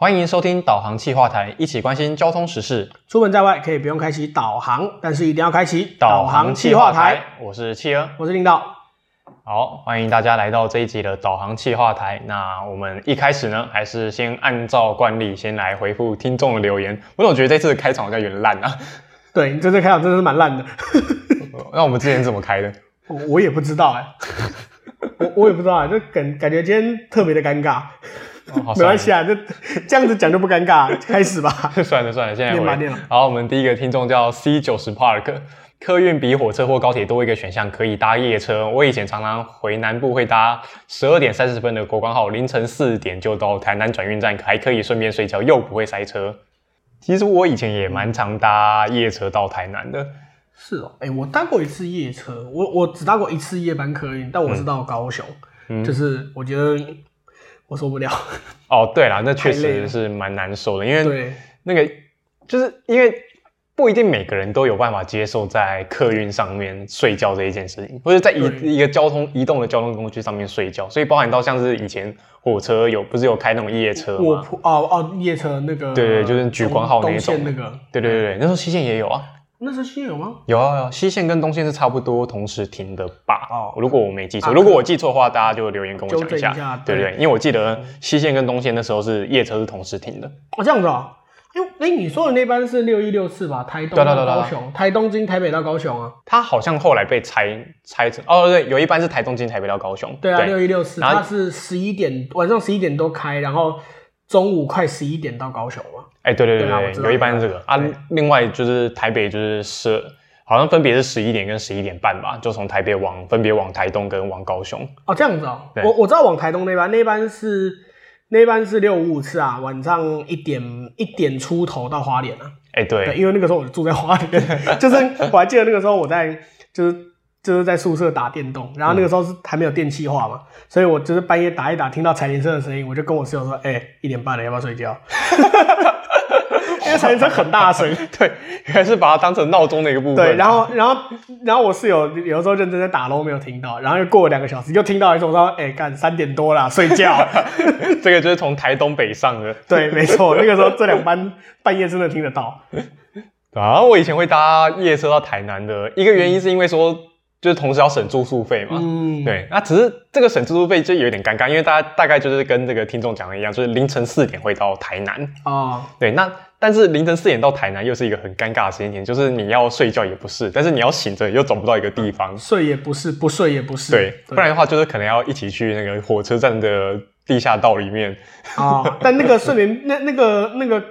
歡迎收聽導航氣化台，一起關心交通時事。出門在外可以不用開啟導航，但是一定要開啟導航氣化台，台。我是企鵝，我是領導。好，歡迎大家來到這一集的導航氣化台。那我們一開始呢，還是先按照慣例先來回復聽眾的留言。我總覺得這次開場好像有點爛啊。對，你這次開場真的是蠻爛的。 那我們之前怎麼開的？我也不知道哎。我我也不知道哎、欸 欸，就感感覺今天特別的尷尬。哦、沒關係啊，這這樣子講就不尷尬、啊，開始吧。 算了算了，現在好，我們第一個聽眾叫 C 九十 Park，客運比火車或高鐵多一個選項，可以搭夜車。我以前常常回南部會搭十二點三十分的國光號，凌晨四點就到台南轉運站，還可以順便睡覺，又不會塞車。其實我以前也蠻常搭夜車到台南的。是哦、喔，哎、欸，我搭過一次夜車，我我只搭過一次夜班客運，但我是到高雄、嗯，就是我覺得。我受不了。哦，對啦，那確實是蠻難受的，因為那個就是因為不一定每個人都有辦法接受在客運上面睡覺這一件事情，不是在一一個交通移動的交通工具上面睡覺，所以包含到像是以前火車有不是有開那種夜車臥鋪，啊哦，哦，夜車那個對，對對，就是莒光號那一種、那個、對對對，那時候西線也有啊。那是西線嗎？有啊有，啊。西線跟東線是差不多同時停的吧？哦，如果我沒記錯，啊，如果我記錯的話，大家就留言跟我講一,一下，對不對，對，對？因為我記得西線跟東線那時候是夜車是同時停的。哦，這樣子啊，哎、欸欸、你說的那班是六一六四吧？台東到、啊、高雄，台東經台北到高雄啊？它好像後來被拆拆成，哦對，有一班是台東經台北到高雄。對啊，六一六四，6164, 它是十一點，晚上十一點多開，然後。中午快十一點到高雄吧？哎、欸，對對對，對啊、有一班這個啊。另外就是台北就是十，好像分別是十一點跟十一點半吧，就從台北往分別往台東跟往高雄。哦、喔，這樣子啊、喔，我我知道往台東那班，那班是那班是六五五次啊，晚上一點一點出頭到花蓮啊。哎、欸，對，因為那個時候我就住在花蓮， 就是我還記得那個時候我在就是。就是在宿舍打電動，然後那個時候是還沒有電氣化嘛、嗯，所以我就是半夜打一打，聽到柴聯車的聲音，我就跟我室友說：“哎、欸，一點半了，要不要睡覺？” 因為柴聯車很大聲。 對，原來是把它當成鬧鐘的一個部分。對，然後，然後，然後，然後我室友有時候認真在打嘍，沒有聽到，然後又過了兩個小時，又聽到一聲說：“哎、欸，幹，三點多了，睡覺。 ” 這個就是從台東北上的。對，沒錯，那個時候這兩班半夜真的聽得到。然 後、啊、我以前會搭夜車到台南的一個原因是因為說。嗯就是同時要省住宿費嘛，嗯。對，那、啊、只是這個省住宿費就有點尷尬，因為大家大概就是跟這個聽眾講的一樣，就是凌晨四點會到台南啊、哦，對，那但是凌晨四點到台南又是一個很尷尬的時間點，就是你要睡覺也不是，但是你要醒着又找不到一個地方、嗯，睡也不是，不睡也不是。對，對，不然的話就是可能要一起去那個火車站的地下道裡面啊，哦、 但那個睡眠那那個那個。那個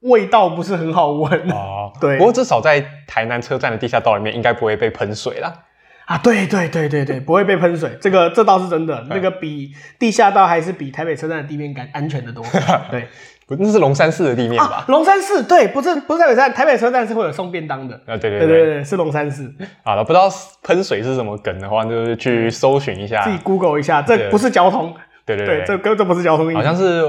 味道不是很好聞啊、哦，對。不過至少在台南車站的地下道裡面，應該不會被噴水啦。啊，對對對對對，不會被噴水， 這個這倒是真的、嗯。那個比地下道還是比台北車站的地面更安全的多。 對，不，那是龍山寺的地面吧？啊、龍山寺，對，不是不是台北站，台北車站是會有送便當的。啊，對對對對，對對，是龍山寺。好了，不知道噴水是什麼梗的話，就是去搜尋一下，自己 Google 一下，這不是交通。對對對，對，對，這跟這不是交通。好像是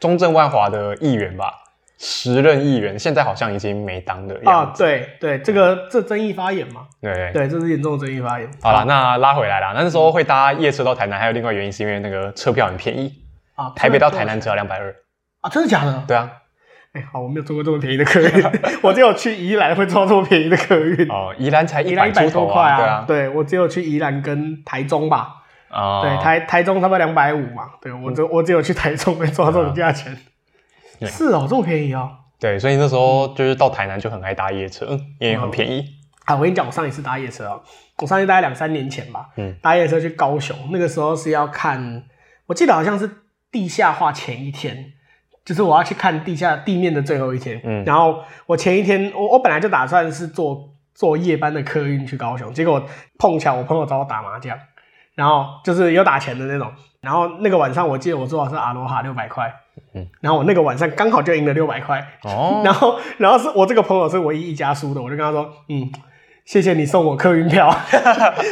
中正萬華的議員吧？時任議員，現在好像已經沒當了啊！對對，這個、嗯、這是爭議發言嘛，對對，對，對，這是嚴重的爭議發言。好了、啊，那拉回來了。那時候會搭夜車到台南，嗯、還有另外一個原因是因為那個車票很便宜啊，台北到台南只要兩百二啊！真的假的？對啊，哎、欸，好，我沒有坐過這麼便宜的客運、 哦啊啊啊啊，我只有去宜蘭會坐這麼便宜的客運哦，宜蘭才一百多塊啊！對啊，對我只有去宜蘭跟台中吧啊、哦，對台台中差不多兩百五嘛，對我我只有去台中沒坐這種價錢。嗯 是哦、喔，這麼便宜哦、喔。對，所以那時候就是到台南就很愛搭夜車，也、嗯、很便宜。啊，我跟你講，我上一次搭夜車啊，我上一次大概兩三年前吧，嗯，搭夜車去高雄，那個時候是要看，我記得好像是地下化前一天，就是我要去看地下地面的最後一天，嗯，然後我前一天我我本來就打算是坐坐夜班的客運去高雄，結果碰巧我朋友找我打麻將，然後就是有打錢的那種，然後那個晚上我記得我坐的是阿羅哈六百塊。嗯，然後我那個晚上剛好就贏了六百塊哦，然後然後是我這個朋友是唯一一家輸的，我就跟他說，嗯，謝謝你送我客運票，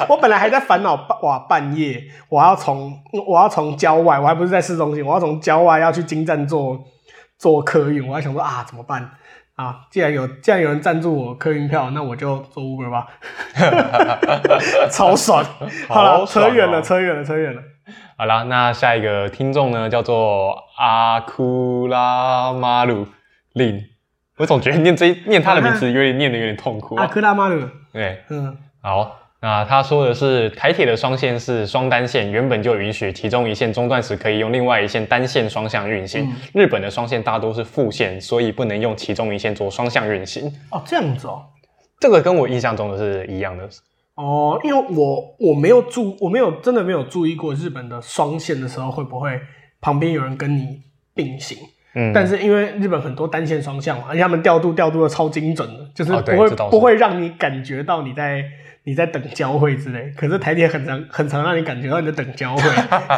我本來還在煩惱哇，半夜我要從我要從郊外，我還不是在市中心，我要從郊外要去京站坐坐客運，我還想說啊怎麼辦啊，既然有既然有人贊助我客運票，那我就坐 Uber 吧， 超爽，好了，扯遠了，扯遠了，扯遠了。好啦，那下一個聽眾呢，叫做阿庫拉馬魯林。我總覺得念這念他的名字有點念得有點痛苦、啊。阿庫拉馬魯。對，嗯。好，那他說的是台鐵的雙線是雙單線，原本就允許其中一線中斷時可以用另外一線單線雙向運行、嗯。日本的雙線大多是複線，所以不能用其中一線做雙向運行。哦，這樣子哦，這個跟我印象中的是一樣的。哦，因為我我沒有注，我沒有住，我沒有，真的沒有注意過日本的雙線的時候會不會旁邊有人跟你並行，嗯，但是因為日本很多單線雙向嘛，而且他們調度調度的超精準的，就是不會、啊、是不會讓你感覺到你在你在等交會之類，可是台鐵很常很常，讓你感覺到你在等交會，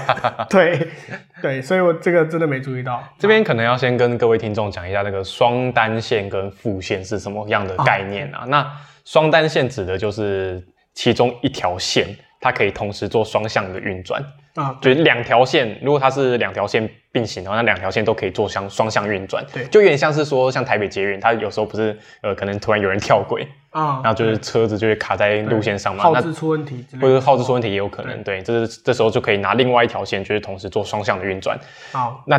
對對，所以我這個真的沒注意到。啊、這邊可能要先跟各位聽眾講一下那個雙單線跟複線是什麼樣的概念啊？啊那雙單線指的就是。其中一條線，它可以同時做雙向的運轉啊。對，就是兩條線，如果它是兩條線並行的話，那兩條線都可以做相雙向運轉。對，就有點像是說，像台北捷運，它有時候不是呃，可能突然有人跳軌啊，然後就是車子就會卡在路線上嘛。那號誌出問題，或者號誌出問題也有可能。對，對對這是這時候就可以拿另外一條線，就是同時做雙向的運轉。好，那。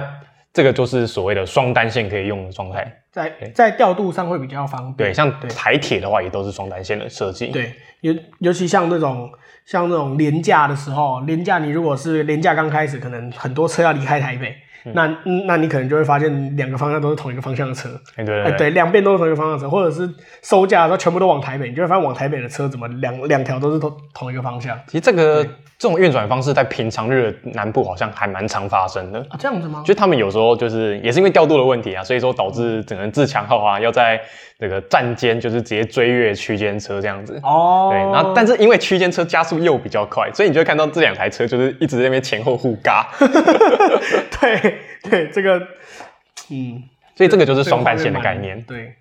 這個就是所謂的雙單線可以用的狀態，在在調度上會比較方便。對，像台鐵的話，也都是雙單線的設計。對，尤尤其像那種像那種年假的時候，年假你如果是年假剛開始，可能很多車要離開台北。那那，嗯、那你可能就會發現，兩個方向都是同一個方向的車，哎、欸對，對，對，欸、對，對，兩邊都是同一個方向的車，或者是收假的時候全部都往台北，你就會發現往台北的車怎麼兩兩條都是同同一個方向。其實這個這種運轉方式在平常日的南部好像還蠻常發生的啊，這樣子嗎？就他們有時候就是也是因為調度的問題啊，所以說導致整個人自強號啊要在。那、這個站間就是直接追越區間車這樣子哦，對，然後但是因為區間車加速又比較快，所以你就會看到這兩台車就是一直在那邊前後互嘎。 對對，這個嗯，所以這個就是雙單線的概念、這個。對，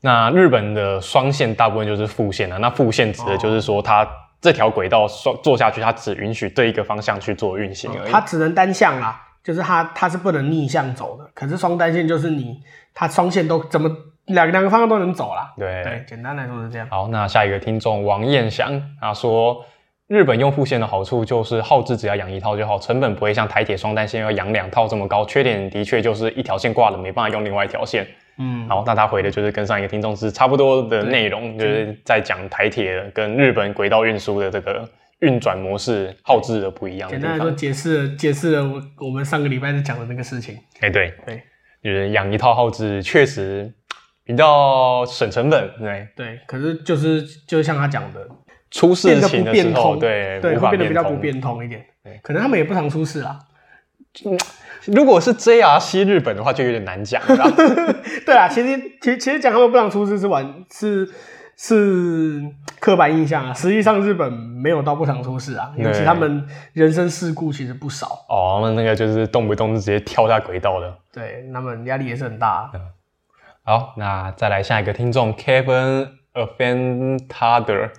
那日本的雙線大部分就是副線了、啊。那副線指的就是說，它這條軌道雙做下去，它只允許對一個方向去做運行而已。嗯、它只能單向啊，就是它它是不能逆向走的。可是雙單線就是你它雙線都怎麼？兩兩個方向都能走了，對對，簡單來說是這樣。好，那下一個聽眾王彥祥他說，日本用複線的好處就是號誌只要養一套就好，成本不會像台鐵雙單線要養兩套這麼高。缺點的確就是一條線掛了沒辦法用另外一條線。嗯，好，那他回的就是跟上一個聽眾是差不多的內容，就是在講台鐵跟日本軌道運輸的這個運轉模式號誌的不一樣。簡單來說，解釋了解釋了我們上個禮拜在講的那個事情。哎、欸，對對，就是養一套號誌確實。比較省成本，對對，可是就是就是像他講的，出事情的時候，變變通對對變通，會變得比較不變通一點。對，可能他們也不常出事啦。嗯，如果是 J R 西日本的話，就有點難講。 對啊，其實其實其實講他們不常出事是玩，是是是刻板印象啊。實際上日本沒有到不常出事啊，尤其他們人身事故其實不少。哦，那那個就是動不動就直接跳下軌道的。對，他們壓力也是很大。嗯好，那再來下一個聽眾 Kevin Avantader，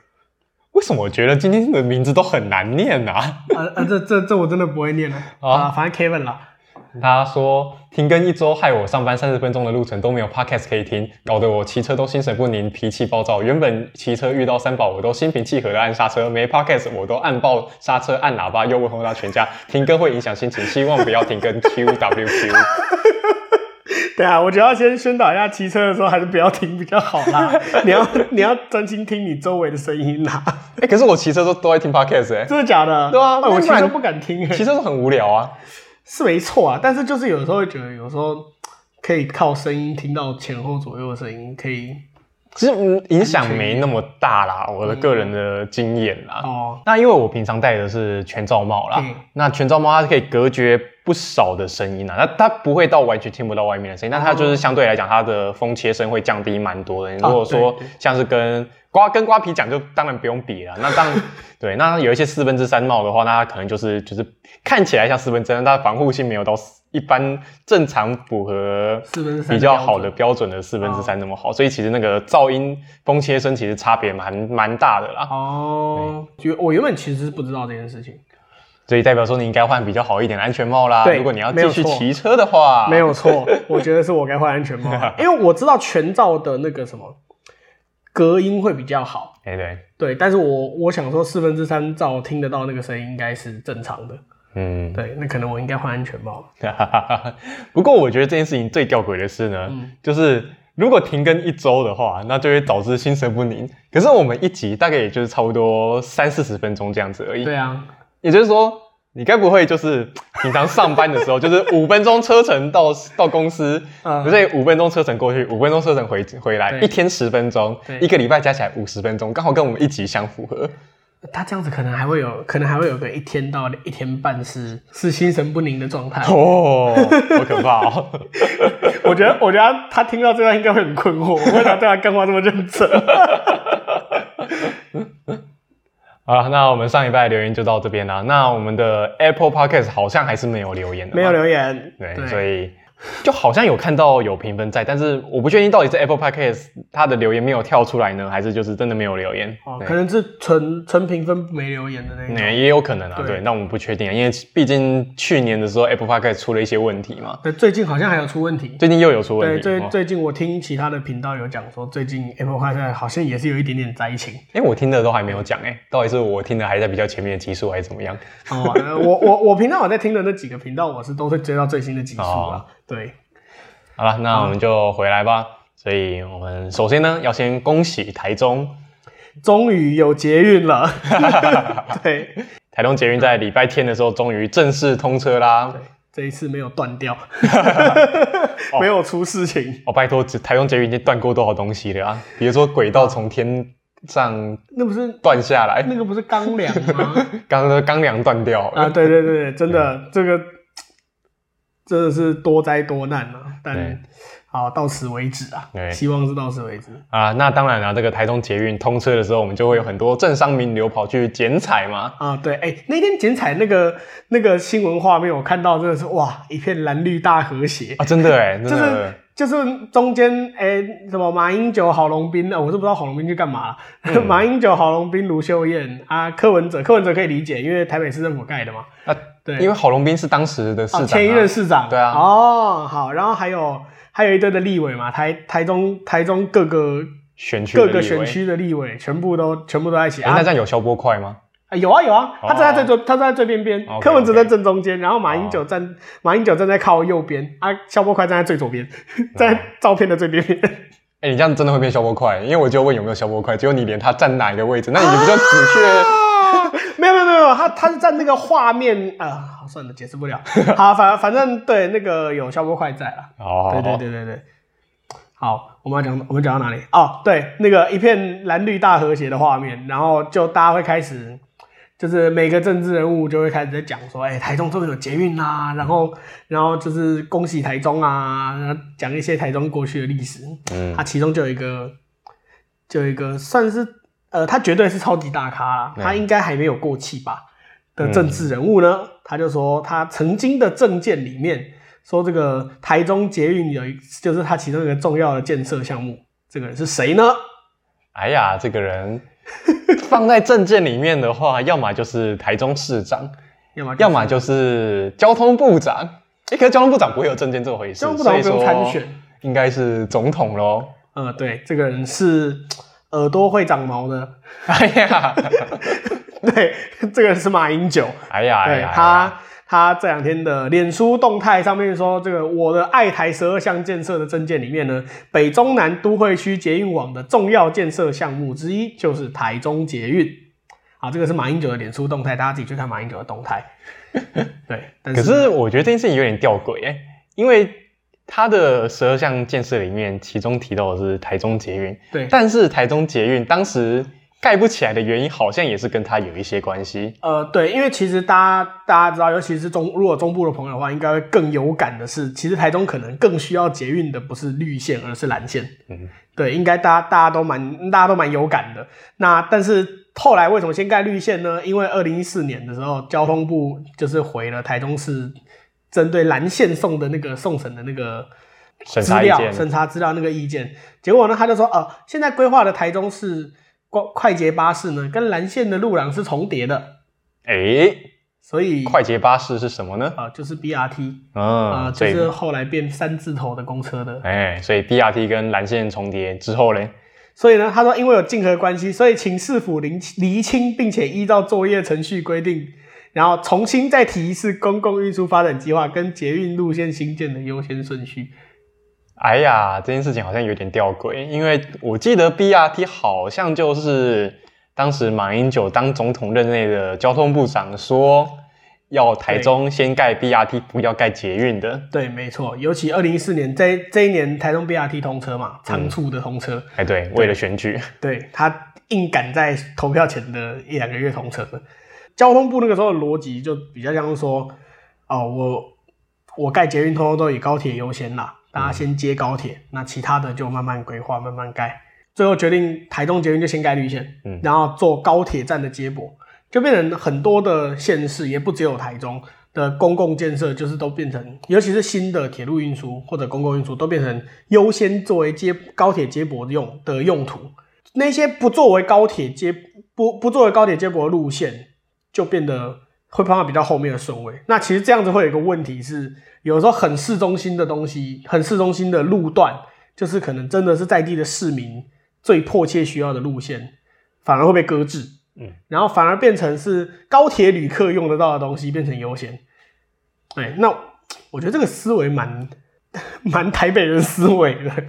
為什麼我覺得今天的名字都很難念啊？啊，啊，這這這我真的不會念呢。啊，反正 Kevin 啦。他說停更一周，害我上班三十分鐘的路程都沒有 podcast 可以聽，搞得我騎車都心神不寧，脾氣暴躁。原本騎車遇到三寶，我都心平氣和的按剎車，沒 podcast 我都按爆剎車，按喇叭又問候他全家。停更會影響心情，希望不要停更。QWQ。 對啊，我覺得要先宣導一下，騎車的時候還是不要聽比較好啦，啊。 你要你要專心聽你周圍的聲音啦，啊。哎，欸，可是我騎車都都愛聽 Podcast 哎，欸，真的假的？對啊，欸，我騎車不敢聽，欸，騎車都很無聊啊。是沒錯啊，但是就是有的時候會覺得，有的時候可以靠聲音聽到前後左右的聲音，可以。其實影響沒那麼大啦，我的個人的經驗啦。哦，那因為我平常戴的是全罩帽啦，那全罩帽它是可以隔絕不少的聲音啦，那它不會到完全聽不到外面的聲音，那它就是相對來講它的風切聲會降低蠻多的。如果說像是跟瓜跟瓜皮講，就當然不用比啦。那當，對，那有一些四分之三帽的話，那它可能就是就是看起來像四分之三，但它防護性沒有到四一般正常符合比較好的標準的四分之三那麼好，所以其實那個噪音風切聲其實差別蠻蠻大的啦。哦，就我原本其實是不知道這件事情，所以代表說你應該換比較好一點的安全帽啦。對，如果你要繼續騎車的話，沒有錯，我覺得是我該換安全帽，因為我知道全罩的那個什麼隔音會比較好。哎對，對，但是我我想說四分之三罩聽得到那個聲音應該是正常的。嗯，對，那可能我應該換安全帽。 不過我覺得這件事情最吊詭的是呢、嗯，就是如果停更一周的話，那就會導致心神不寧。可是我們一集大概也就是差不多三四十分鐘這樣子而已。對啊，也就是說，你該不會就是平常上班的時候， 就是五分鐘車程到 到公司，不、嗯、是五分鐘車程過去，五分鐘車程回回來，一天十分鐘，一個禮拜加起來五十分鐘，剛好跟我們一集相符合。他這樣子可能還會有可能還會有個一天到一天半是是心神不寧的狀態哦，好可怕、哦！ 我覺得，我覺得他,他聽到這段應該會很困惑， 我為啥對他幹話這麼認真？了 嗯嗯、那我們上禮拜留言就到這邊了。那我們的 Apple Podcast 好像還是沒有留言的，沒有留言，對，所以。就好像有看到有評分在，但是我不確定到底是 Apple Podcast 它的留言沒有跳出來呢，還是就是真的沒有留言。哦，可能是純純評分沒留言的那種。也有可能啊，對。那我們不確定啊，因為畢竟去年的時候 Apple Podcast 出了一些問題嘛。對，最近好像還有出問題，最近又有出問題。對，最、哦、最近我聽其他的頻道有講說，最近 Apple Podcast 好像也是有一點點災情。哎、欸，我聽的都還沒有講哎、欸，到底是我聽的還在比較前面的集數還是怎麼樣？哦嗯、 我我我平常我在聽的那幾個頻道，我是都會追到最新的集數啊。哦對，好啦，那我們就回來吧。嗯、所以，我們首先呢，要先恭喜台中，終於有捷運了。 對，台中捷運在禮拜天的時候終於正式通車啦。對，這一次沒有斷掉， 沒有出事情哦。哦，拜託，台中捷運已經斷過多少東西了啊？比如說軌道從天上，那不是斷下來，那個不是鋼梁嗎？ 剛才鋼梁斷掉啊？對，對對對，真的這個。真的是多災多難啊，但好到此為止啊，希望是到此為止啊。那當然了，啊，這個台中捷運通車的時候，我們就會有很多政商名流跑去剪彩嘛。啊，對，哎，欸，那天剪彩那個那個新聞畫面，我看到真的是哇，一片藍綠大和諧啊，真的哎，欸，真的。就是就是中間誒、欸，什麼馬英九、郝龍斌啊、哦，我是不知道郝龍斌去幹嘛、嗯。馬英九、郝龍斌、盧秀燕啊柯，柯文哲，柯文哲可以理解，因為台北市政府蓋的嘛。啊，對，因為郝龍斌是當時的市長、啊啊，前一任市長。對啊。哦，好，然後還有還有一堆的立委嘛，台台中台中各個選區各個選區的立委，全部都全部都在一起。啊，那站有消波塊嗎？欸、有啊有啊，他站在最左，哦、他站在最邊邊、哦，柯文哲在正中間、哦，然後馬英九站、哦、馬英九站在靠右邊、哦，啊，肖波快站在最左邊，站、哦、 在照片的最邊邊。哎、欸，你這樣真的會變肖波快，因為我就問有沒有肖波快，結果你連他站哪一個位置，那你不就只缺、啊啊？沒有沒有沒有，他他是站那個畫面 啊，算了，解釋不了。 好，反反正對那個有肖波快在了，哦，對對對對對。好，我們要講我們講到哪裡？哦，對，那個一片藍綠大和諧的畫面，然後就大家會開始。就是每個政治人物就會開始在講說，哎、欸，台中終於有捷運啦、啊，然後，然後就是恭喜台中啊，講一些台中過去的歷史。嗯，他其中就有一個，就有一個算是，呃，他絕對是超級大咖，他應該還沒有過氣吧、嗯？的政治人物呢，他就說他曾經的政見裡面說這個台中捷運有一，就是他其中一個重要的建設項目。這個人是誰呢？哎呀，這個人。 放在政見裡面的話，要麼就是台中市長，要麼就是交通部長。哎、欸，可是交通部長不會有政見這回事，交通部長不用參選，所以說應該是總統咯嗯、呃，對，這個人是耳朵會長毛的。哎呀， 對，這個人是馬英九。哎呀,哎呀,哎呀，對他。他這兩天的臉書動態上面說，這個我的愛台十二項建設的政見裡面呢，北中南都會區捷運網的重要建設項目之一就是台中捷運。好，這個是馬英九的臉書動態，大家自己去看馬英九的動態。 對，但，可是我覺得這件事情有點吊詭哎，因為他的十二項建設裡面，其中提到的是台中捷運，對，但是台中捷運當時。蓋不起來的原因好像也是跟他有一些關係。呃，對，因為其實大家大家知道，尤其是中如果中部的朋友的話，應該會更有感的是，其實台中可能更需要捷運的不是綠線，而是藍線。嗯，對，應該大家大家都蠻大家都蠻有感的。那但是後來為什麼先蓋綠線呢？因為二零一四年的時候，交通部就是回了台中市針對藍線送的那個送審的那個審查資料、審查資料那個意見，結果呢他就說，呃，現在規劃的台中市。快快捷巴士呢，跟藍線的路廊是重疊的，哎、欸，所以快捷巴士是什麼呢？啊、呃，就是 BRT，嗯、呃，就是後來變三字頭的公車的，哎、欸，所以 BRT 跟藍線重疊之後嘞，所以呢，他說因為有競合關係，所以請市府釐釐清，並且依照作業程序規定，然後重新再提一次公共運輸發展計劃跟捷運路線興建的優先順序。哎呀，這件事情好像有點吊詭，因為我記得 B R T 好像就是當時馬英九當總統任內的交通部長說要台中先蓋 B R T，不要蓋捷運的。對，沒錯，尤其二零一四年這這一年，台中 B R T 通車嘛，倉促的通車。嗯、哎對，對，為了選舉。對，對他硬趕在投票前的一兩個月通車。 交通部那個時候的邏輯就比較像是說，哦，我我蓋捷運通，通都，都以高鐵優先啦。大家，嗯，先接高鐵，那其他的就慢慢規劃、慢慢蓋。最後決定台中捷運就先蓋綠線，嗯，然後做高鐵站的接駁，就變成很多的縣市，也不只有台中的公共建設，就是都變成，尤其是新的鐵路運輸或者公共運輸，都變成優先作為接高鐵接駁用的用途。那些不作為高鐵接不不作為高鐵接駁的路線，就變得。會碰到比較後面的順位，那其實這樣子會有一個問題是，有的時候很市中心的東西，很市中心的路段，就是可能真的是在地的市民最迫切需要的路線，反而會被擱置，嗯，然後反而變成是高鐵旅客用得到的東西變成優先，哎，那我覺得這個思維蠻蠻台北人思維的，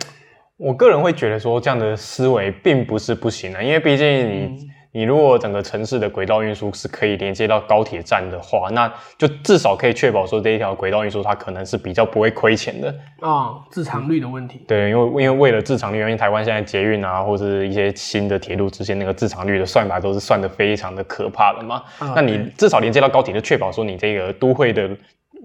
我個人會覺得說這樣的思維並不是不行的，啊，因為畢竟你、嗯。你如果整個城市的軌道運輸是可以連接到高鐵站的話，那就至少可以確保說這一條軌道運輸它可能是比較不會虧錢的啊、哦，自償率的問題。對，因為因為為了自償率，因為台灣現在捷運啊或是一些新的鐵路之間那個自償率的算法都是算得非常的可怕的嘛、哦。那你至少連接到高鐵，就確保說你這個都會的。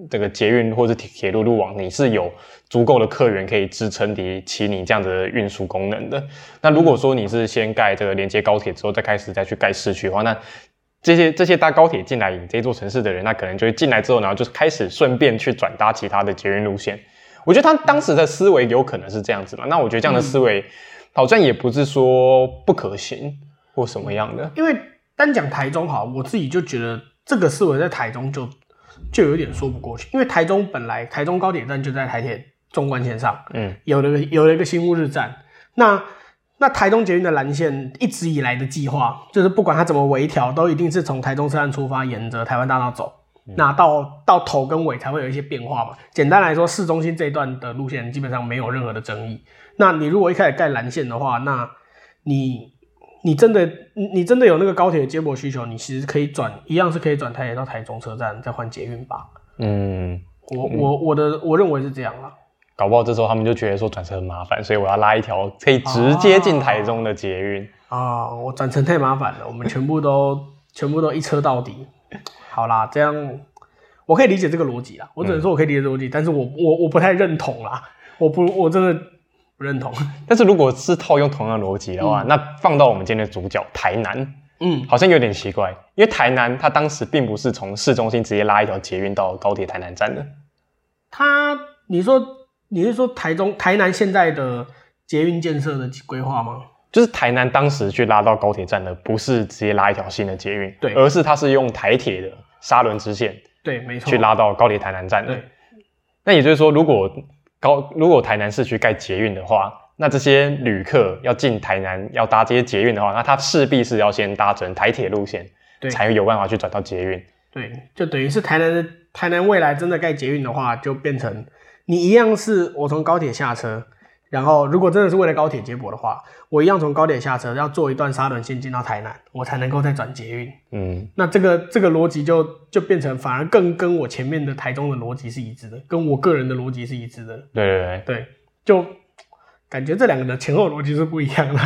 這個捷運或是鐵鐵路路網，你是有足夠的客源可以支撐你起你這樣子的運輸功能的。那如果說你是先蓋這個連接高鐵之後，再開始再去蓋市區的話，那這些這些搭高鐵進來你這座城市的人，那可能就會進來之後，然後就是開始順便去轉搭其他的捷運路線。我覺得他當時的思維有可能是這樣子嘛。那我覺得這樣的思維好像也不是說不可行或什麼樣的。因為單講台中好，我自己就覺得這個思維在台中就。就有點說不過去，因為台中本來台中高鐵站就在台鐵縱貫線上，嗯，有了有了一個新烏日站，那那台中捷運的藍線一直以來的計劃，就是不管它怎麼微調，都一定是從台中車站出發，沿着台灣大道走，嗯、那到到頭跟尾才會有一些變化嘛。簡單來說，市中心這一段的路線基本上沒有任何的爭議。那你如果一開始蓋藍線的話，那你。你真的，你真的有那個高鐵接駁需求，你其實可以轉，一樣是可以轉台鐵到台中車站，再換捷運吧。嗯，我我我的我認為是這樣了、嗯。搞不好這時候他們就覺得說轉車很麻煩，所以我要拉一條可以直接進台中的捷運、啊。啊，我轉乘太麻煩了，我們全部都 全部都一車到底。好啦，這樣我可以理解這個邏輯啦，我只能說我可以理解邏輯、嗯，但是我我我不太認同啦，我不我真的。認同，但是如果是套用同樣的邏輯的話、嗯，那放到我們今天的主角台南，嗯，好像有點奇怪，因為台南它當時並不是從市中心直接拉一條捷運到高鐵台南站的。它，你說你是說台中、台南現在的捷運建設的規劃嗎？就是台南當時去拉到高鐵站的，不是直接拉一條新的捷運，對，而是它是用台鐵的沙崙支線，對，沒錯，去拉到高鐵台南站的。那也就是說，如果高，如果台南市區蓋捷運的話，那這些旅客要進台南，要搭這些捷運的話，那他勢必是要先搭乘台鐵路線，對，才有辦法去轉到捷運。對，就等於是台南的台南未來真的蓋捷運的話，就變成你一樣是我從高鐵下車。然後，如果真的是為了高鐵接駁的話，我一樣從高鐵下車，要坐一段沙崙線進到台南，我才能夠再轉捷運。嗯，那這個這個邏輯就就變成反而更跟我前面的台中的邏輯是一致的，跟我個人的邏輯是一致的。對對對，對就感覺這兩個的前後邏輯是不一樣的。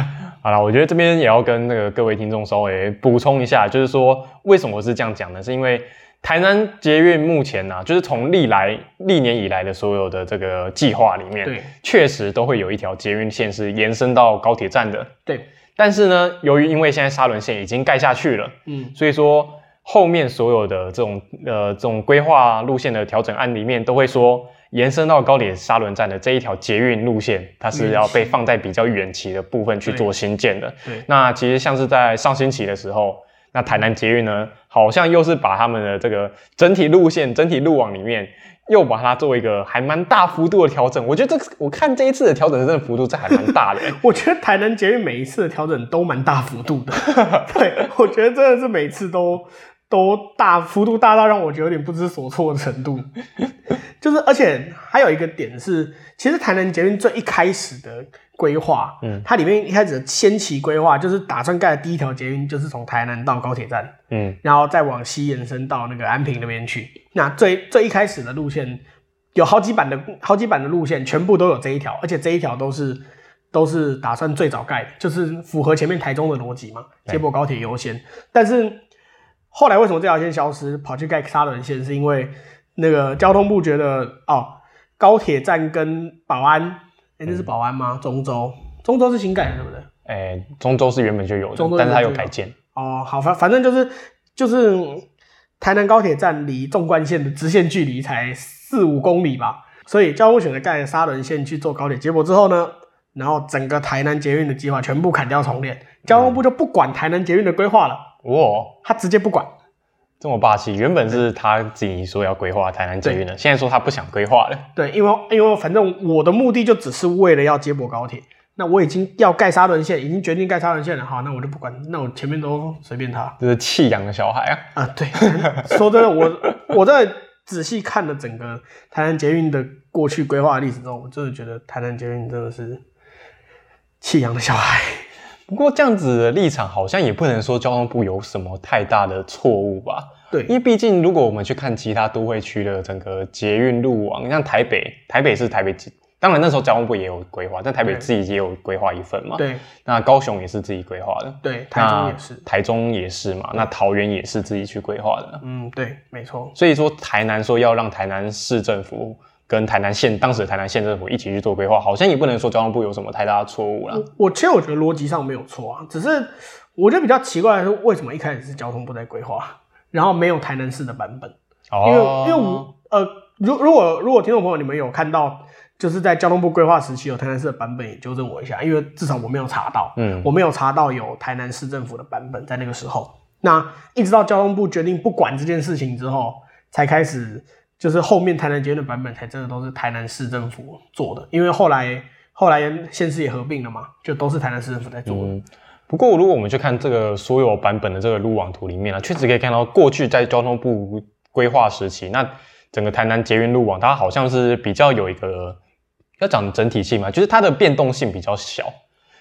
好了，我覺得這邊也要跟那個各位聽眾稍微補充一下，就是說為什麼我是這樣講呢？是因為。台南捷運目前啊，就是從歷來歷年以來的所有的這個計劃裡面，對，確實都會有一條捷運線是延伸到高鐵站的。對，但是呢，由於因為現在沙崙線已經蓋下去了，嗯，所以說後面所有的這種呃這種規劃路線的調整案裡面，都會說延伸到高鐵沙崙站的這一條捷運路線，它是要被放在比較遠期的部分去做新建的對。對，那其實像是在上星期的時候。那台南捷運呢？好像又是把他們的這個整體路線、整體路網裡面，又把它做一個還蠻大幅度的調整。我覺得這我看這一次的調整真的幅度在還蠻大的。 我覺得台南捷運每一次的調整都蠻大幅度的。 對，我覺得真的是每次都都大幅度大到讓我覺得有點不知所措的程度。 就是，而且還有一個點是，其實台南捷運最一開始的。規劃，嗯，它裡面一開始的先期規劃就是打算蓋的第一條捷運，就是從台南到高鐵站，嗯，然後再往西延伸到那個安平那邊去。那最最一開始的路線有好幾版的好幾版的路線，全部都有這一條，而且這一條都是都是打算最早蓋的，就是符合前面台中的邏輯嘛，嗯、接駁高鐵優先。但是後來為什麼這條線消失，跑去蓋沙崙線，是因為那個交通部覺得哦，高鐵站跟保安。哎、欸，那是保安嗎？中洲。中洲是新蓋的，對、嗯、不對？哎、欸，中洲是原本就有的，的有但是它有改建。哦，好，反反正就是就是，台南高鐵站離縱貫線的直線距離才四五公里吧，所以交通部選擇蓋沙崙線去坐高鐵。結果之後呢，然後整個台南捷運的計劃全部砍掉重練，交通部就不管台南捷運的規劃了，喔、嗯、他直接不管。這麼霸氣，原本是他自己說要規劃台南捷運的，現在說他不想規劃了。對，因為因為反正我的目的就只是為了要接駁高鐵，那我已經要蓋沙崙線，已經決定蓋沙崙線了哈，那我就不管，那我前面都隨便他。這是棄養的小孩啊！啊，對，說真的，我我在仔細看了整個台南捷運的過去規劃的歷史之後，我真的覺得台南捷運真的是棄養的小孩。不過這樣子的立場好像也不能說交通部有什麼太大的錯誤吧？對，因為畢竟如果我們去看其他都會區的整個捷運路網，你像台北，台北是台北，當然那時候交通部也有規劃，但台北自己也有規劃一份嘛。對，那高雄也是自己規劃的對。對，台中也是，台中也是嘛。那桃園也是自己去規劃的。嗯，對，沒錯。所以說台南說要讓台南市政府。跟台南縣當時台南縣政府一起去做規劃，好像也不能說交通部有什麼太大錯誤啦。我，我其實我覺得邏輯上沒有錯啊，只是我覺得比較奇怪的是為什麼一開始是交通部在規劃，然後沒有台南市的版本。嗯，因為因為呃，如果如果如果聽眾朋友你們有看到，就是在交通部規劃時期有台南市的版本，也糾正我一下，因為至少我沒有查到，嗯，我沒有查到有台南市政府的版本在那個時候。那一直到交通部決定不管這件事情之後，才開始。就是後面台南捷運的版本才真的都是台南市政府做的，因為後來後來縣市也合併了嘛，就都是台南市政府在做的，嗯。不過如果我們去看這個所有版本的這個路網圖裡面啊，確實可以看到過去在交通部規劃時期，那整個台南捷運路網它好像是比較有一個要講整體性嘛，就是它的變動性比較小。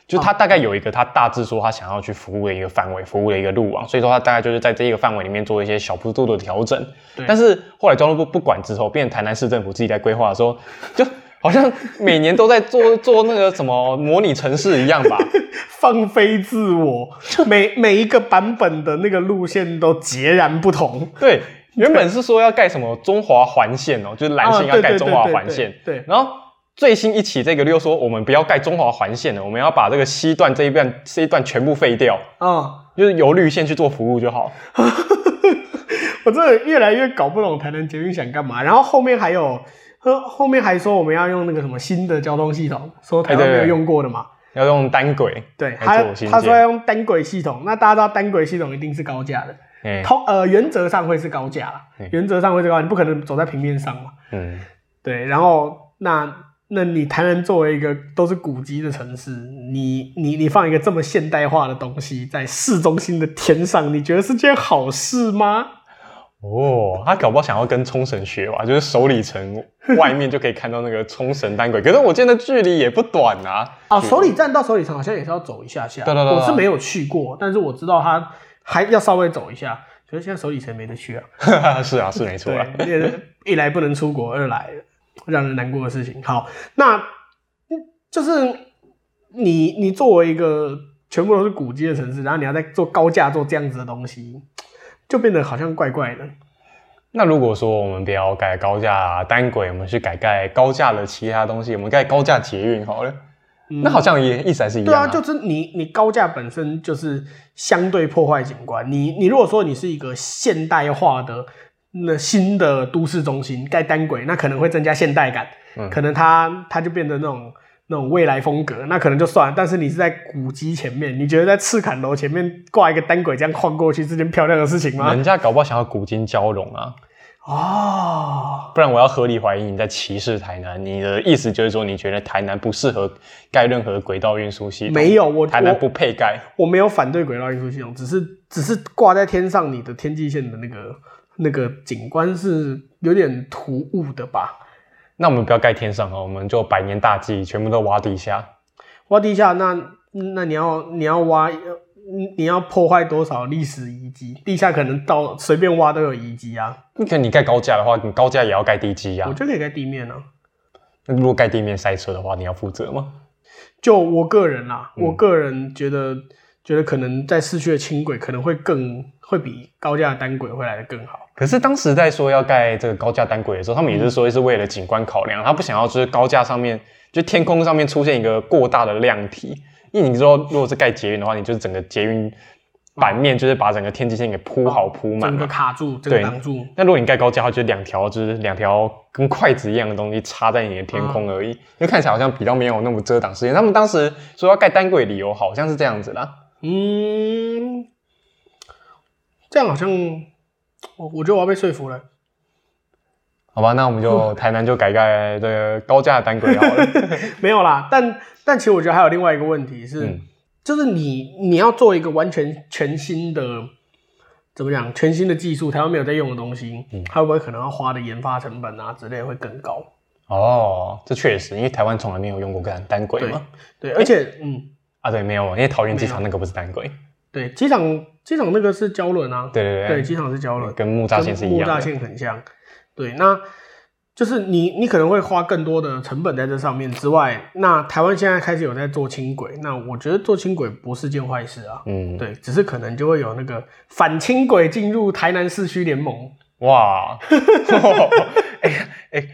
就他大概有一個，他大致說他想要去服務的一個範圍，服務的一個路網，所以說他大概就是在這一個範圍裡面做一些小幅度的調整。對。但是後來交通部不管之後，變成台南市政府自己在規劃的時候，就好像每年都在做 做那個什麼模擬城市一樣吧， 放飛自我，每每一個版本的那個路線都截然不同。對，對原本是說要蓋什麼中華環線哦、喔，就是藍線要蓋中華環線。對，然後。最新一期，這個又說我們不要蓋中華環線了，我們要把這個西段這一段這一段全部廢掉，嗯，就是由綠線去做服務就好。 我真的越來越搞不懂台南捷運想幹嘛。然後後面還有，後面還說我們要用那個什麼新的交通系統，說台灣沒有用過的嘛，欸、對對對，要用單軌。對，還有他說要用單軌系統，那大家都知道單軌系統一定是高架的，通、欸、呃原則上會是高架、欸，原則上會是高，你不可能走在平面上嘛。嗯，對，然後那。那你台南作為一個都是古蹟的城市，你你你放一個這麼現代化的東西在市中心的天上，你覺得是件好事嗎？哦，他搞不好想要跟沖繩學吧，就是首里城外面就可以看到那個沖繩單軌， 可是我見的距離也不短啊。啊，首里站到首里城好像也是要走一下下。對對對，我是沒有去過，但是我知道他還要稍微走一下，所以現在首里城沒得去啊。 是啊，是沒錯啊。 一來不能出國，二來。讓人難過的事情。好，那就是你，你作為一個全部都是古蹟的城市，然後你要在做高架做這樣子的東西，就變得好像怪怪的。那如果說我們不要改高架單軌，我們去改蓋高架的其他東西，我們蓋高架捷運好了，嗯，那好像也意思還是一樣啊。對啊，就是你，你高架本身就是相對破壞景觀。你，你如果說你是一個現代化的。那新的都市中心蓋單軌，那可能會增加現代感，嗯，可能它它就變得那種那種未來風格，那可能就算了。但是你是在古蹟前面，你覺得在赤崁樓前面掛一個單軌這樣晃過去，是件漂亮的事情嗎？人家搞不好想要古今交融啊！哦，不然我要合理懷疑你在歧視台南。你的意思就是說，你覺得台南不適合蓋任何軌道運輸系統？沒有，我台南不配蓋。我沒有反對軌道運輸系統，只是只是掛在天上，你的天際線的那個。那個景觀是有點突兀的吧？那我們不要蓋天上啊，我們就百年大計，全部都挖地下。挖地下，那那你要你要挖，你，你要破壞多少歷史遺跡？地下可能到隨便挖都有遺迹啊。你看你蓋高架的話，你高架也要蓋地基啊。我就可以蓋地面啊。那如果蓋地面塞車的話，你要負責嗎？就我個人啦、啊，我個人覺得、嗯。覺得可能在市區的輕軌可能會更會比高架的單軌會來得更好。可是當時在說要蓋這個高架單軌的時候，他們也是說是為了景觀考量，嗯、他不想要就是高架上面就天空上面出現一個過大的量體。因為你說如果是蓋捷運的話，你就是整個捷運板面就是把整個天際線給鋪好鋪滿，整個卡住，整、這個擋住。那如果你蓋高架的話，就兩條就是兩條跟筷子一樣的東西插在你的天空而已，啊、就看起來好像比較沒有那麼遮擋視線。他們當時說要蓋單軌理由好像是這樣子啦。嗯，這樣好像我我覺得我要被說服了。好吧，那我們就、嗯、台南就改改這個高架單軌好了。 沒有啦，但但其實我覺得還有另外一個問題是，嗯、就是你你要做一個完全全新的，怎麼講？全新的技術，台灣沒有在用的東西，他、嗯、會不會可能要花的研發成本啊之類會更高？哦，這確實，因為台灣從來沒有用過這樣單軌嗎？對、對、欸，而且嗯。啊，對，沒有，因為桃園機場那個不是單軌，對，機場機場那個是膠輪啊，對對對，機場是膠輪，跟木柵線是一樣的，木柵線很像，對，那就是你你可能會花更多的成本在這上面之外，那台灣現在開始有在做輕軌，那我覺得做輕軌不是件壞事啊，嗯，對，只是可能就會有那個反輕軌進入台南市區聯盟，哇，哎 哎、 欸欸，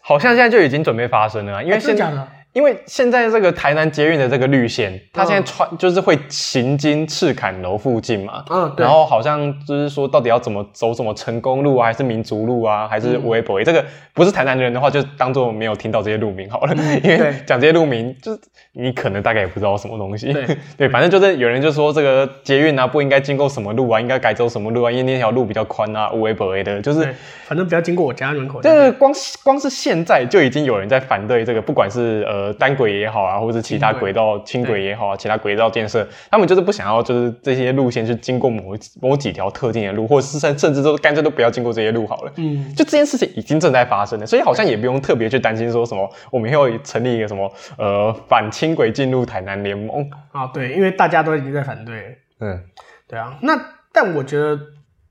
好像現在就已經準備發生了啊，因為現在、欸因為現在這個台南捷運的這個綠線，嗯、它現在穿就是會行經赤崁樓附近嘛，嗯，對，然後好像就是說到底要怎麼走什麼成功路啊，還是民族路啊，還是微博，嗯。這個不是台南人的話，就當做沒有聽到這些路名好了，嗯，因為講這些路名就。是。你可能大概也不知道什麼東西對， 對，反正就是有人就說，這個捷運啊不應該經過什麼路啊，應該改走什麼路啊，因為那條路比較寬啊，無為不為的，就是反正不要經過我家門口的這個。對，光光是現在就已經有人在反對這個，不管是呃單軌也好啊，或者其他軌道輕軌也好啊，其他軌道建設，他們就是不想要就是這些路線去經過某某幾條特定的路，或者是甚甚至都乾脆都不要經過這些路好了。嗯，就這件事情已經正在發生了，所以好像也不用特別去擔心說，什麼我們以後成立一個什麼呃反。輕軌進入台南聯盟啊，對，因為大家都已經在反對。嗯，對啊，那但我覺得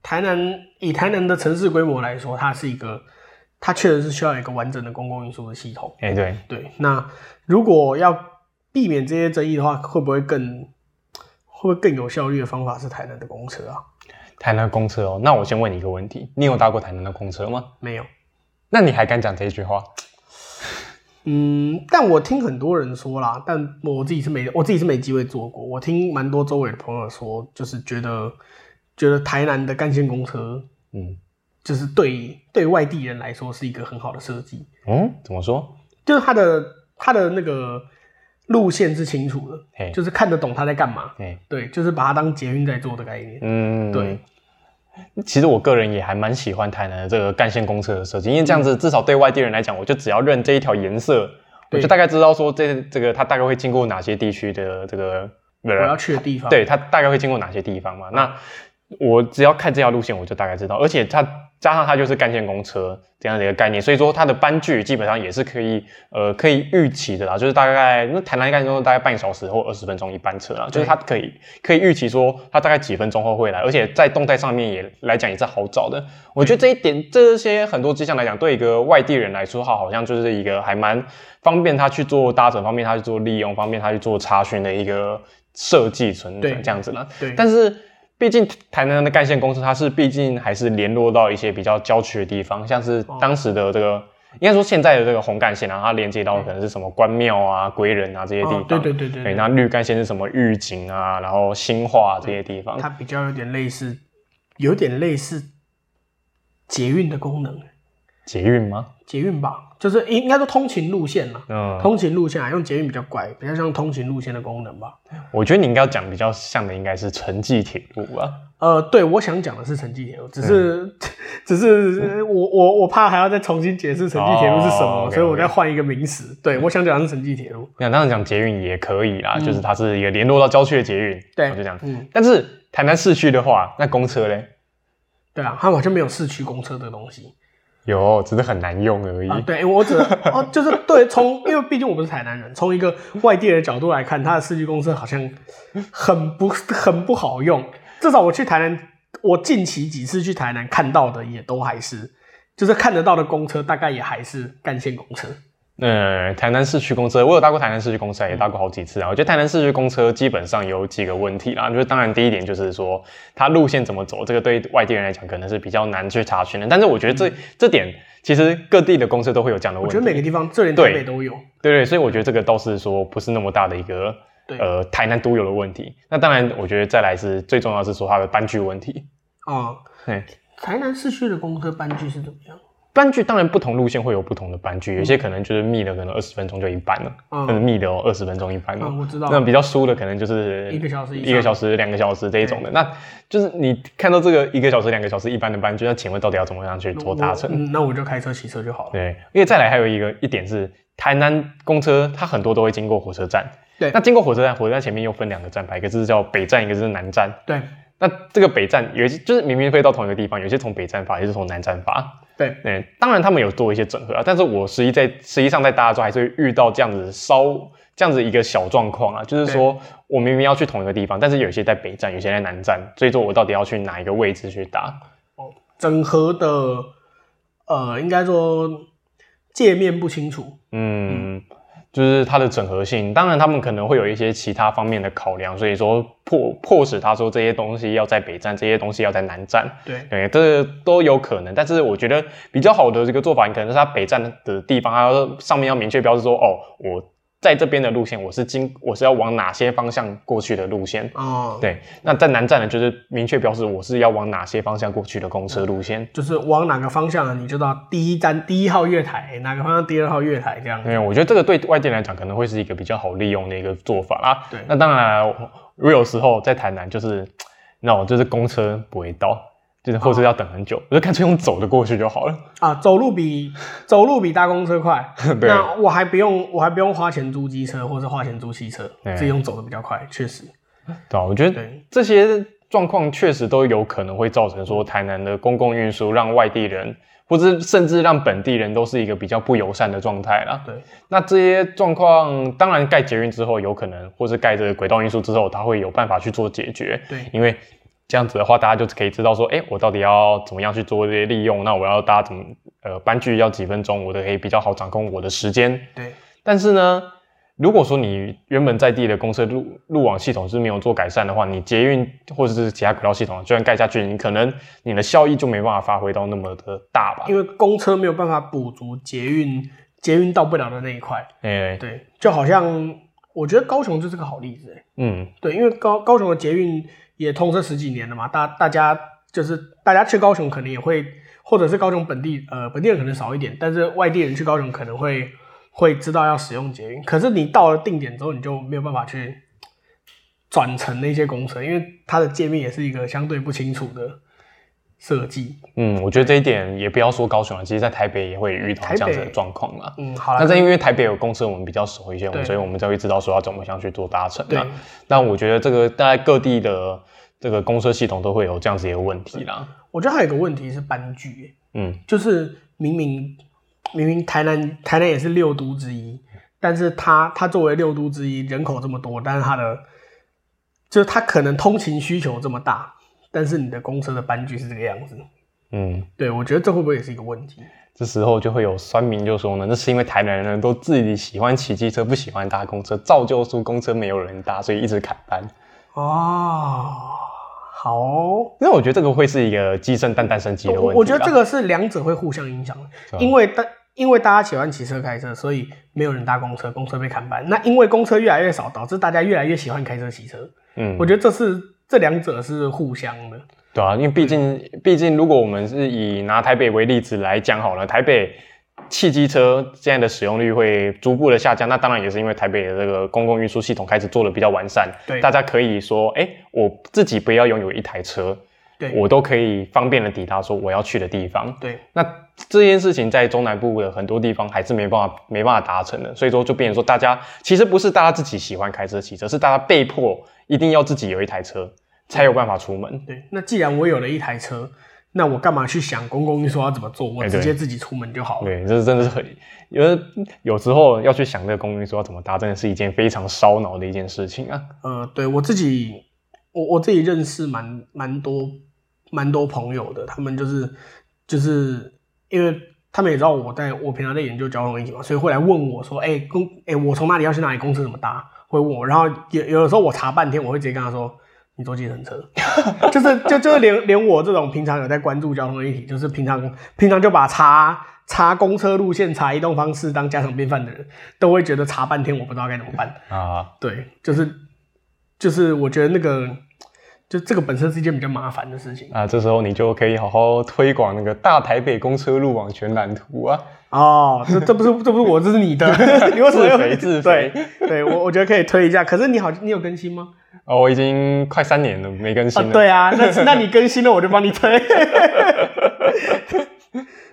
台南以台南的城市規模來說，它是一個，它確實是需要一個完整的公共運輸的系統。哎、欸，對對，那如果要避免這些爭議的話，會不會更會不會更有效率的方法是台南的公車啊？台南公車哦，那我先問你一個問題，你有搭過台南的公車嗎？沒有，那你還敢講這句話？嗯，但我聽很多人說啦，但我自己是沒，我自己是沒機會坐過。我聽蠻多周圍的朋友說，就是覺得覺得台南的幹線公車，嗯，就是對對外地人來說是一個很好的設計。嗯，怎麼說？就是它的它的那個路線是清楚的，就是看得懂他在幹嘛。對，就是把它當捷運在做的概念。嗯，嗯，嗯，嗯，對。其實我個人也還蠻喜歡台南的這個幹線公車的設計，因為這樣子至少對外地人來講，我就只要認這一條顏色，我就大概知道說這這個它大概會經過哪些地區的這個、呃、我要去的地方，它對它大概會經過哪些地方嘛？那我只要看這條路線，我就大概知道，而且它，加上它就是幹線公車這樣的一個概念，所以說它的班距基本上也是可以，呃，可以預期的啦。就是大概那台南幹線中大概半小時或二十分鐘一班車啦，就是它可以可以預期說它大概幾分鐘後會來，而且在動態上面也來講也是好找的。我覺得這一點這些很多跡象來講，對一個外地人來說哈，好像就是一個還蠻方便他去做搭乘、方便他去做利用、方便他去做查詢的一個設計存在這樣子啦。對，但是。畢竟台南的幹線公司，它是畢竟還是聯絡到一些比較郊區的地方，像是當時的這個，應該說現在的這個紅幹線，啊，然後它連接到可能是什麼關廟啊、歸仁啊這些地方。哦、對，對，對對對對。對、欸，那綠幹線是什麼玉井啊，然後新化、啊嗯、這些地方。它比較有點類似，有點類似捷運的功能。捷運嗎？捷運吧，就是應應該說通勤路線、啊、嗯，通勤路線啊，用捷運比較乖，比較像通勤路線的功能吧。我覺得你應該要講比較像的，應該是城際鐵路吧。呃，對，我想講的是城際鐵路，只是、嗯、只是我我我怕還要再重新解釋城際鐵路是什麼，哦、okay, okay. 所以我再換一個名詞。對，我想講的是城際鐵路。你、嗯、當然講捷運也可以啦，就是它是一個聯絡到郊區的捷運、嗯。對，我就這樣、嗯。但是台南市區的話，那公車咧？對啊，它好像沒有市區公車的東西。有，只是很難用而已。啊、對，我只哦、啊，就是對，從因為畢竟我不是台南人，從一個外地人的角度來看，他的市區公車好像很不很不好用。至少我去台南，我近期幾次去台南看到的也都還是，就是看得到的公車大概也還是幹線公車。呃、嗯，台南市區公車，我有搭過台南市區公車，也搭過好幾次啊。我覺得台南市區公車基本上有幾個問題啦。就是當然第一點就是說，它路線怎麼走，這個對外地人來講可能是比較難去查詢的。但是我覺得這、嗯、這點，其實各地的公車都會有這樣的問題。我覺得每個地方這連東北都有。對，對對，所以我覺得這個倒是說不是那麼大的一個，對呃，台南獨有的問題。那當然，我覺得再來是最重要是說它的班距問題。哦、呃，對。台南市區的公車班距是怎麼樣？班距當然不同路線會有不同的班距、嗯，有些可能就是密的，可能二十分鐘就一班了，嗯，可能密的哦，二十分鐘一班了、嗯。我知道。那比較疏的可能就是一個小時、一個小時、兩個小時這一種的。那就是你看到這個一個小時、兩個小時一班的班距，那請問到底要怎麼樣去做搭乘、嗯？那我就開車、騎車就好了。對，因為再來還有一個一點是，台南公車它很多都會經過火車站，對，那經過火車站，火車站前面又分兩個站牌，一個是叫北站，一個是南站，對。那這個北站有些就是明明可以到同一個地方，有些從北站發，有些從南站發。對，哎、嗯，當然他們有做一些整合啊，但是我實際在實際上在搭的時候，還是會遇到這樣子稍這樣子一個小狀況啊，就是說我明明要去同一個地方，但是有一些在北站，有一些在南站，所以說我到底要去哪一個位置去搭？整合的，呃，應該說界面不清楚，嗯。嗯就是它的整合性，當然他們可能會有一些其他方面的考量，所以說迫迫使他說，這些東西要在北站，這些東西要在南站，對對，這都有可能。但是我覺得比較好的這個做法，可能是他北站的地方，它上面要明確標示說，哦，我。在這邊的路線，我是經，我是要往哪些方向過去的路線。哦，對，那在南站呢，就是明確標示我是要往哪些方向過去的公車路線，嗯、就是往哪個方向，你就到第一站第一號月台，哪個方向第二號月台這樣子。對，我覺得這個對外地人來講，可能會是一個比較好利用的一個做法啦。對，那當然，我有時候在台南，就是那我就是公車不會到，就是候車要等很久，啊、我就乾脆用走的過去就好了啊。走路比走路比搭公車快 對，那我還不用我還不用花錢租機車，或者是花錢租汽車。對，自己用走的比較快，確實。對、啊、我覺得這些狀況確實都有可能會造成說，台南的公共運輸讓外地人，或是甚至讓本地人都是一個比較不友善的狀態了。對，那這些狀況當然蓋捷運之後有可能，或是蓋這個軌道運輸之後，它會有辦法去做解決。對，因為。這樣子的話，大家就可以知道說，哎、欸，我到底要怎麼樣去做這些利用？那我要搭怎麼呃，班距要幾分鐘，我都可以比較好掌控我的時間。對。但是呢，如果說你原本在地的公車路路網系統是沒有做改善的話，你捷運或者是其他軌道系統就算蓋下去，你可能你的效益就沒辦法發揮到那麼的大吧。因為公車沒有辦法補足捷運捷運到不了的那一塊。哎、欸，對，就好像我覺得高雄就是個好例子，欸。嗯，對，因為高高雄的捷運，也通車十幾年了嘛，大大家就是大家去高雄可能也會，或者是高雄本地，呃，本地人可能少一點，但是外地人去高雄可能會會知道要使用捷運。可是你到了定點之後，你就沒有辦法去轉乘那些公車，因為它的界面也是一個相對不清楚的。設計，嗯，我覺得這一點也不要說高雄了，其實在台北也會遇到這樣子的狀況嘛。嗯，好啦。但是因為台北有公車，我們比較熟一些，所以我們才會知道說要怎麼樣去做搭乘啊。對。那我覺得這個大概各地的這個公車系統都會有這樣子一個問題啦。我覺得還有一個問題是班距欸，嗯，就是明明明明台南台南也是六都之一，但是它它作為六都之一，人口這麼多，但是它的就是它可能通勤需求這麼大。但是你的公車的班距是這個樣子，嗯，對，我覺得這會不會也是一個問題？這時候就會有酸民就說呢，那是因為台南人都自己喜歡騎機車，不喜歡搭公車，造就出公車沒有人搭，所以一直砍班。哦，好哦，那我覺得這個會是一個雞生蛋蛋生雞的問題。我覺得這個是兩者會互相影響的，嗯，因為大因為大家喜歡騎車開車，所以沒有人搭公車，公車被砍班。那因為公車越來越少，導致大家越來越喜歡開車騎車。嗯，我覺得這是。這兩者是互相的，對啊，因為畢竟畢竟，如果我們是以拿台北為例子來講好了，台北汽機車現在的使用率會逐步的下降，那當然也是因為台北的這個公共運輸系統開始做的比較完善，對，大家可以說，哎，我自己不要擁有一台車，對，我都可以方便的抵達說我要去的地方，對，那這件事情在中南部的很多地方還是沒辦法沒辦法達成的，所以說就變成說大家其實不是大家自己喜歡開車騎車，是大家被迫一定要自己有一台車，才有辦法出門。對，那既然我有了一台車，那我幹嘛去想公共運輸要怎麼做？我直接自己出門就好了。欸、對，對，這是真的是很。有時候要去想那個公共運輸要怎麼搭，真的是一件非常燒腦的一件事情啊。呃，對，我自己，我我自己認識蠻蠻多蠻多朋友的，他們就是就是，因為他們也知道我在我平常在研究交通問題嘛，所以會來問我說：“哎、欸，公哎、欸，我從哪裡要去哪裡？公司怎麼搭？”會問我，然後有有的時候我查半天，我會直接跟他說。坐計程車， 就是就就連連我這種平常有在關注交通的議題，就是平常平常就把查查公車路線、查移動方式當家常便飯的人，都會覺得查半天我不知道該怎麼辦啊。對，就是就是我覺得那個就這個本身是一件比較麻煩的事情啊。這時候你就可以好好推廣那個大台北公車路網全覽圖啊。 哦，這這不是這不是我， 這是你的。 你為什麼要自肥，自肥。對，對我我覺得可以推一下。 可是你好，你有更新嗎？哦，我已經快三年了沒更新了。呃、對啊，那那你更新了， 我就幫你推。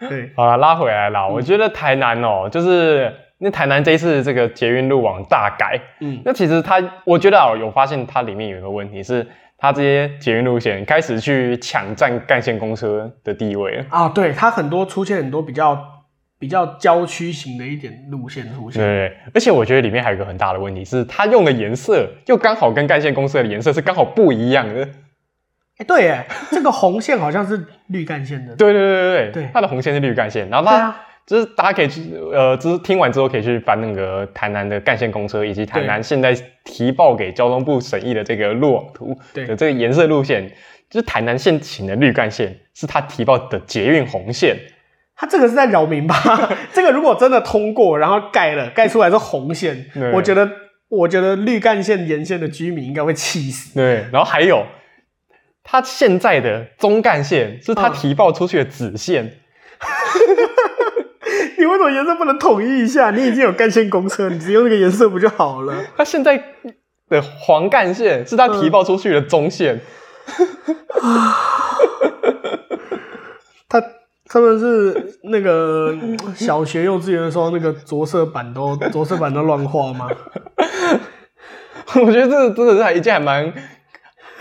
對，好啦，拉回來啦。嗯、我覺得台南哦、喔，就是那台南這一次這個捷運路網大改，嗯，那其實它，我覺得啊、喔，有發現它裡面有一個問題是，它這些捷運路線開始去搶占幹線公車的地位了啊、哦，對，它很多出現很多比較。比較郊區型的一點路線路線，對，對，而且我覺得裡面還有一個很大的問題，是它用的顏色又剛好跟幹線公車的顏色是剛好不一樣的。哎，對，哎，這個紅線好像是綠干線的。對對對對對，它的紅線是綠幹線，然後它就是大家可以去，呃，就是聽完之後可以去翻那個台南的幹線公車以及台南現在提報給交通部審議的這個路網圖，對，這個顏色路線就是台南現行的綠幹線，是它提報的捷運紅線。他這個是在擾民吧？這個如果真的通過，然後蓋了蓋出來是紅線，我覺得我覺得綠幹線沿線的居民應該會氣死。對，然後還有他現在的中幹線是他提報出去的紫線，嗯、 你為什麼顏色不能統一一下？你已經有幹線公車，你只用那個顏色不就好了？他現在的黃幹線是他提報出去的中線。嗯 他們是那個小學幼稚園的時候，那個着色板都着色板都亂畫嗎？ 我覺得這真的是還一件還蠻。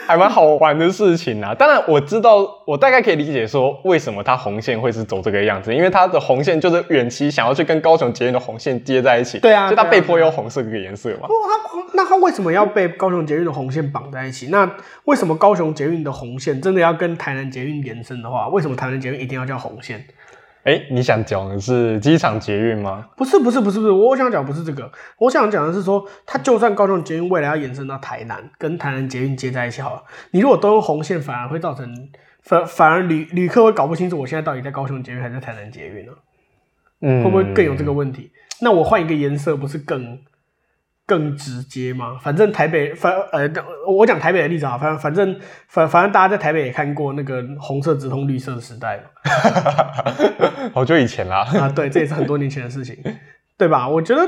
還蠻好玩的事情啊！當然我知道，我大概可以理解說為什麼它紅線會是走這個樣子，因為它的紅線就是遠期想要去跟高雄捷運的紅線接在一起。對啊，所以它被迫用紅色這個顏色嘛。啊啊啊哦、他那那它為什麼要被高雄捷運的紅線綁在一起？那為什麼高雄捷運的紅線真的要跟台南捷運延伸的話，為什麼台南捷運一定要叫紅線？哎、欸，你想講的是機場捷運嗎？不是，不是，不是，不是，我想講不是這個，我想講的是說，它就算高雄捷運未來要延伸到台南，跟台南捷運接在一起好了。你如果都用紅線，反而會造成反，反而旅旅客會搞不清楚，我現在到底在高雄捷運還是在台南捷運呢、啊？嗯，會不會更有這個問題？那我換一個顏色，不是更？更直接嘛，反正台北反，呃，我講台北的例子啊，反反正反反正大家在台北也看過那個紅色直通綠色的時代嘛。 好久以前啦啊，對，這也是很多年前的事情， 對吧？我覺得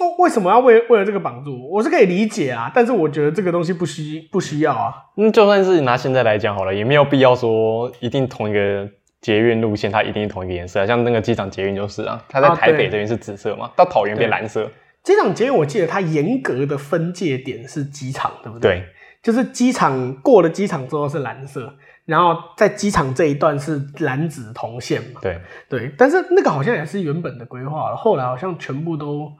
我為什麼要為為了這個綁住，我是可以理解啊，但是我覺得這個東西不需不需要啊。嗯，就算是拿現在來講好了，也沒有必要說一定同一個捷運路線它一定是同一個顏色啊，像那個機場捷運就是啊，它在台北這邊是紫色嘛，啊、到桃園變藍色。機場捷運，我記得它嚴格的分界點是機場，對不對？對，就是機場過了機場之後是藍色，然後在機場這一段是藍紫同線嘛？對對，但是那個好像也是原本的規劃，後來好像全部都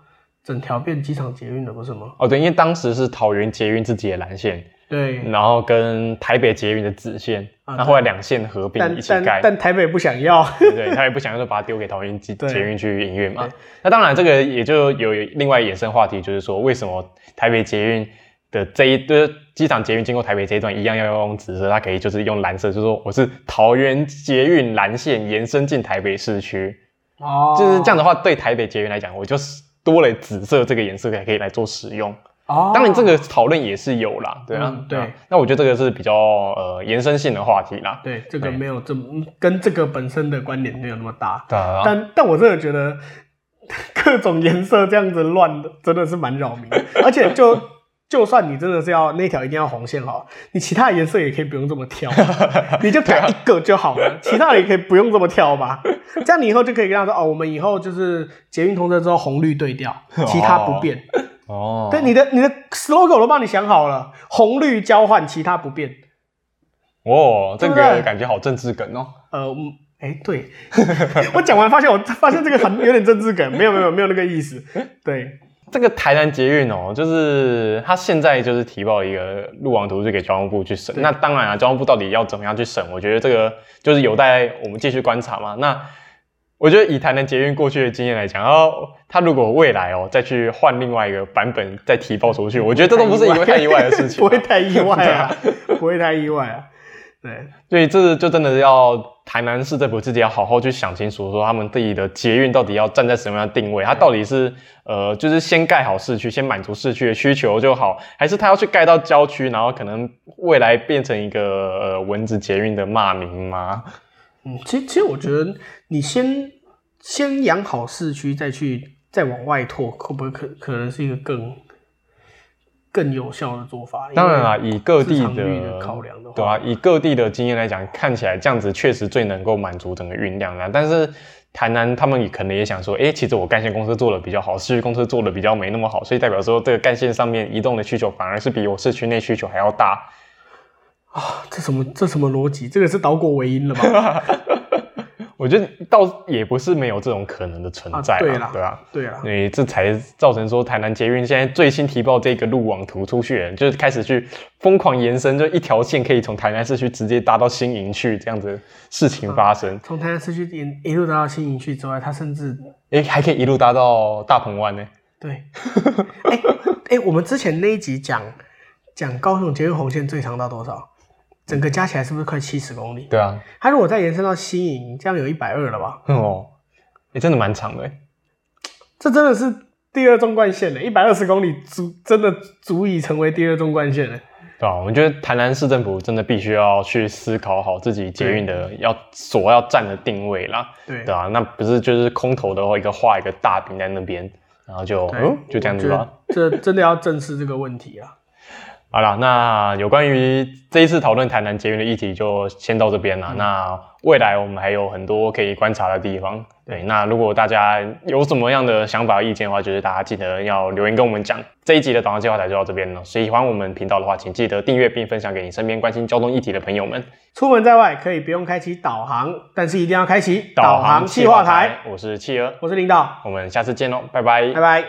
整條變機場捷運了，不是嗎？哦，對，因為當時是桃園捷運自己的藍線。對，然後跟台北捷運的紫線，那、啊、後，後來兩線合併一起蓋，但、但、但台北不想要， 對，對，台北不想要，就把它丟給桃園捷捷運去營運嘛。那當然，這個也就有另外一個衍生話題，就是說為什麼台北捷運的這一段、就是、機場捷運經過台北這一段一樣要用紫色？它、嗯、可以就是用藍色，就是說我是桃園捷運藍線延伸進台北市區，哦，就是這樣的話，對台北捷運來講，我就是多了紫色這個顏色可以來做使用。哦，當然這個討論也是有啦，對啊，對啊、嗯，對，那我覺得這個是比較呃延伸性的話題啦，對，這個沒有這麼跟這個本身的觀點沒有那麼大，對啊、但但我真的覺得各種顏色這樣子亂的真的是蠻擾民， 而且就就算你真的是要那條一定要紅線哈，你其他顏色也可以不用這麼挑， 你就挑一個就好了， 其他的也可以不用這麼挑吧， 這樣你以後就可以跟他說哦，我們以後就是捷運通車之後紅綠對調， 其他不變。 哦，對，你的你的 slogan 都幫你想好了，紅綠交換，其他不變。哦，這個感覺好政治梗哦。呃，哎、欸，對 我講完發現我發現這個很有點政治梗， 沒有沒有沒有那個意思。對，這個台南捷運哦，就是他現在就是提報一個路網圖，就給交通部去審。那當然啊，交通部到底要怎麼樣去審，我覺得這個就是有待我們繼續觀察嘛。那。我覺得以台南捷運過去的經驗來講，然後他如果未來哦再去換另外一個版本再提報出去，我覺得這都不是太意外的事情， 不會太意外啊， 不會太意外啊， 不會太意外啊，對，所以這就真的是要台南市政府自己要好好去想清楚，說他們自己的捷運到底要站在什麼樣的定位？他到底是呃，就是先蓋好市區，先滿足市區的需求就好，還是他要去蓋到郊區，然後可能未來變成一個呃蚊子捷運的罵名嗎？嗯，其其實我覺得你先先養好市區，再去再往外拓，可不可以可,可能是一個更更有效的做法的的。當然啦，以各地的考量的話，對啊，以各地的經驗來講，看起來這樣子確實最能夠滿足整個運量啦。但是台南他們也可能也想說，誒、欸，其實我幹線公司做的比較好，市區公司做的比較沒那麼好，所以代表說這個幹線上面移動的需求反而是比我市區內需求還要大。啊，這什麼這什麼邏輯？這個是倒果為因了吧？ 我覺得倒也不是沒有這種可能的存在啦、啊、對啦？對啊，對啊，你這才造成說台南捷運現在最新提報這個路網圖出去，就是開始去瘋狂延伸，就一條線可以從台南市區直接搭到新營去，這樣子事情發生。啊、從台南市區一一路搭到新營去之外，它甚至誒還可以一路搭到大鵬灣呢、欸。對，哎 哎，我們之前那一集講講高雄捷運紅線最長到多少？整個加起來是不是快七十公里？對啊，它如果再延伸到新營，這樣有一百二了吧？嗯、哦，也、欸、真的蠻長的。這真的是第二縱貫線了，一百二十公里足，真的足以成為第二縱貫線了。對啊，我覺得台南市政府真的必須要去思考好自己捷運的要所要佔的定位啦對。對啊，那不是就是空投的話，一個畫一個大餅在那邊，然後就就這樣子吧。這真的要正視這個問題啊。好了，那有關於這一次討論台南捷運的議題就先到這邊了，嗯。那未來我們還有很多可以觀察的地方。對，那如果大家有什麼樣的想法和意見的話，就是大家記得要留言跟我們講。這一集的導航計劃台就到這邊了。所以喜歡我們頻道的話，請記得訂閱並分享給你身邊關心交通議題的朋友們。出門在外可以不用開啟導航，但是一定要開啟導航計劃台，台。我是企鵝，我是領導，我們下次見嘍，拜拜，拜拜。